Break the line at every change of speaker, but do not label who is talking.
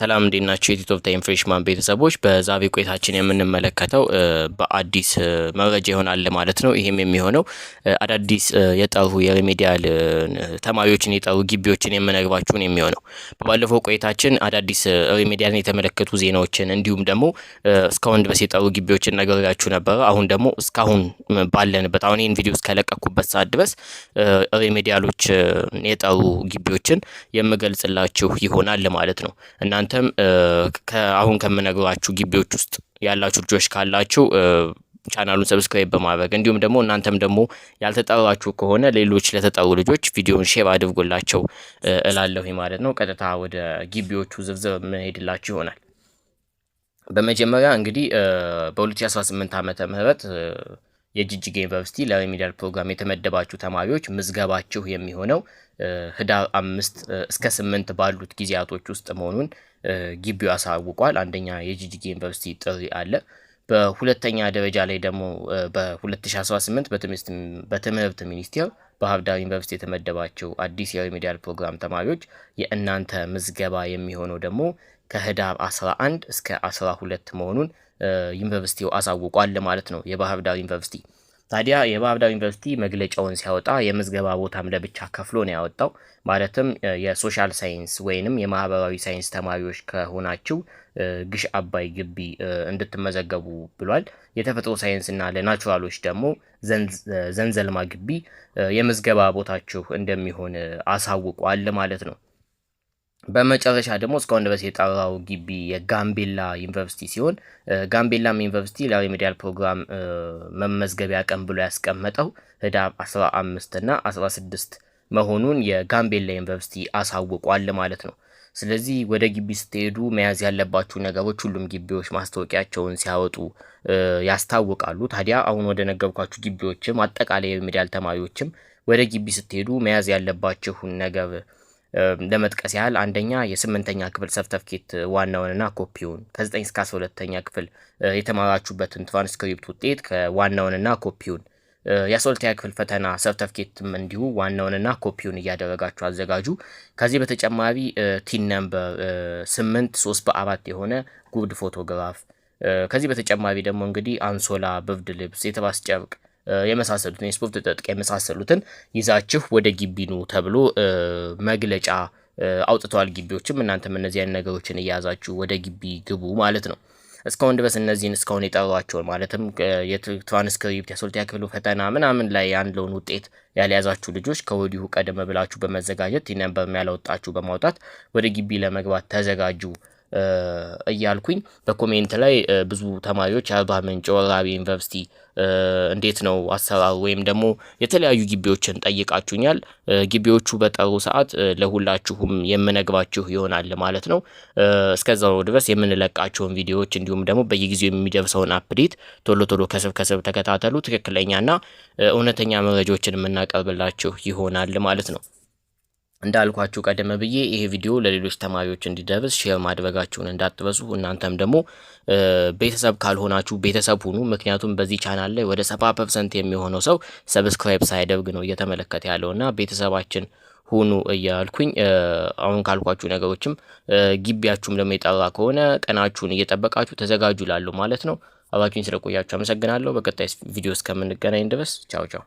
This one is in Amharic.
ሰላም እንዴት ናቸው? የቲቶፕ ታይም ፍሬሽማን ቤተሰቦች በዛሬ ቆይታችን የምንመለከተው በአዲስ መረጃ ይሆናል ማለት ነው። ይህም የሚሆነው አዳዲስ የጠሩ የሪሜዲያል ተማሪዎችን የጠሩ ግቢዎችን የምነግባችሁን የሚሆነው በባለፈው ቆይታችን አዳዲስ ሪሜዲያልን የተመለከቱ ዜናዎችን እንዲሁም ደግሞ እስካሁን ድረስ የጠሩ ግቢዎችን ነገርጋችሁ ነበረ። አሁን ደግሞ እስካሁን ባለንበት አሁን ይህን ቪዲዮ እስከለቀኩበት ሰዓት ድረስ ሪሜዲያሎች የጠሩ ግቢዎችን የምገልጽላችሁ ይሆናል ማለት ነው እናንተ እናንተም አሁን ከምነግሯችሁ ግቢዎች ውስጥ ያላችሁ ልጆች ካላችሁ ቻናሉን ሰብስክራይብ በማድረግ እንዲሁም ደግሞ እናንተም ደግሞ ያልተጠራችሁ ከሆነ ሌሎች ለተጠሩ ልጆች ቪዲዮን ሼር አድርጎላቸው እላለሁ ማለት ነው። ቀጥታ ወደ ግቢዎቹ ዝርዝር መሄድላችሁ ይሆናል። በመጀመሪያ እንግዲህ በ2018 ዓመተ ምህረት የጅጅጋ ዩኒቨርሲቲ ለሪሚዲያል ፕሮግራም የተመደባችሁ ተማሪዎች ምዝገባችሁ የሚሆነው ህዳር አምስት እስከ ስምንት ባሉት ጊዜያቶች ውስጥ መሆኑን ግቢው አሳውቋል። አንደኛ የጅጅጋ ዩኒቨርሲቲ ጥሪ አለ። በሁለተኛ ደረጃ ላይ ደግሞ በ2018 በትምህርት ሚኒስቴር ባህር ዳር ዩኒቨርሲቲ የተመደባቸው አዲስ የሪሚዲያል ፕሮግራም ተማሪዎች የእናንተ ምዝገባ የሚሆነው ደግሞ ከህዳር 11 እስከ 12 መሆኑን ዩኒቨርሲቲው አሳውቋል ማለት ነው። የባህር ዳር ዩኒቨርሲቲ ታዲያ የባህር ዳር ዩኒቨርሲቲ መግለጫውን ሲያወጣ የምዝገባ ቦታም ለብቻ ከፍሎ ነው ያወጣው። ማለትም የሶሻል ሳይንስ ወይንም የማህበራዊ ሳይንስ ተማሪዎች ከሆናችሁ ግሽ አባይ ግቢ እንድትመዘገቡ ብሏል። የተፈጥሮ ሳይንስና ለናቹራሎች ደግሞ ዘንዘልማ ግቢ የምዝገባ ቦታችሁ እንደሚሆን አሳውቋል ማለት ነው። በመጨረሻ ደግሞ እስካሁን ድረስ የጠራው ግቢ የጋምቤላ ዩኒቨርሲቲ ሲሆን ጋምቤላም ዩኒቨርሲቲ ለሪሜዲያል ፕሮግራም መመዝገቢያ ቀን ብሎ ያስቀመጠው ህዳር 15 እና 16 መሆኑን የጋምቤላ ዩኒቨርሲቲ አሳውቋል ማለት ነው። ስለዚህ ወደ ግቢ ስትሄዱ መያዝ ያለባችሁ ነገሮች ሁሉም ግቢዎች ማስታወቂያቸውን ሲያወጡ ያስታውቃሉ። ታዲያ አሁን ወደ ነገርኳችሁ ግቢዎችም አጠቃላይ የሪሜዲያል ተማሪዎችም ወደ ግቢ ስትሄዱ መያዝ ያለባችሁን ነገር ለመጥቀስ ያህል አንደኛ የስምንተኛ ክፍል ሰርተፍኬት ዋናውንና ኮፒውን ከዘጠኝ እስከ አስራ ሁለተኛ ክፍል የተማራችሁበትን ትራንስክሪፕት ውጤት ዋናውንና ኮፒውን የአስራ ሁለተኛ ክፍል ፈተና ሰርተፍኬትም እንዲሁ ዋናውንና ኮፒውን እያደረጋችሁ አዘጋጁ። ከዚህ በተጨማሪ ቲን ነምበር ስምንት ሶስት በአራት የሆነ ጉርድ ፎቶግራፍ ከዚህ በተጨማሪ ደግሞ እንግዲህ አንሶላ፣ ብርድ ልብስ፣ የተባስ ጨርቅ የመሳሰሉትን የስፖርት ትጥቅ የመሳሰሉትን ይዛችሁ ወደ ግቢ ኑ ተብሎ መግለጫ አውጥተዋል። ግቢዎችም እናንተም እነዚህ አይነት ነገሮችን እያያዛችሁ ወደ ግቢ ግቡ ማለት ነው። እስካሁን ድረስ እነዚህን እስካሁን የጠሯቸውን ማለትም የትራንስክሪፕት የሶልቲያ ክፍሉ ፈተና ምናምን ላይ ያለውን ውጤት ያልያዛችሁ ልጆች ከወዲሁ ቀደም ብላችሁ በመዘጋጀት ነበር ያላወጣችሁ በማውጣት ወደ ግቢ ለመግባት ተዘጋጁ እያልኩኝ በኮሜንት ላይ ብዙ ተማሪዎች አርባ ምንጭ ወራቤ ዩኒቨርሲቲ እንዴት ነው አሰራሩ ወይም ደግሞ የተለያዩ ግቢዎችን ጠይቃችሁኛል። ግቢዎቹ በጠሩ ሰዓት ለሁላችሁም የምነግባችሁ ይሆናል ማለት ነው። እስከዛው ድረስ የምንለቃቸውን ቪዲዮዎች እንዲሁም ደግሞ በየጊዜው የሚደርሰውን አፕዴት ቶሎ ቶሎ ከስብ ከስብ ተከታተሉ። ትክክለኛና እውነተኛ መረጃዎችን የምናቀርብላችሁ ይሆናል ማለት ነው። እንዳልኳችሁ ቀደም ብዬ ይሄ ቪዲዮ ለሌሎች ተማሪዎች እንዲደርስ ሼር ማድረጋችሁን እንዳትበሱ። እናንተም ደግሞ ቤተሰብ ካልሆናችሁ ቤተሰብ ሁኑ። ምክንያቱም በዚህ ቻናል ላይ ወደ ሰባ ፐርሰንት የሚሆነው ሰው ሰብስክራይብ ሳይደርግ ነው እየተመለከተ ያለው እና ቤተሰባችን ሁኑ እያልኩኝ አሁን ካልኳችሁ ነገሮችም ግቢያችሁም ደግሞ የጠራ ከሆነ ቀናችሁን እየጠበቃችሁ ተዘጋጁ ማለት ነው። አብራችሁኝ ስለቆያችሁ አመሰግናለሁ። በቀጣይ ቪዲዮ እስከምንገናኝ ድረስ ቻው ቻው።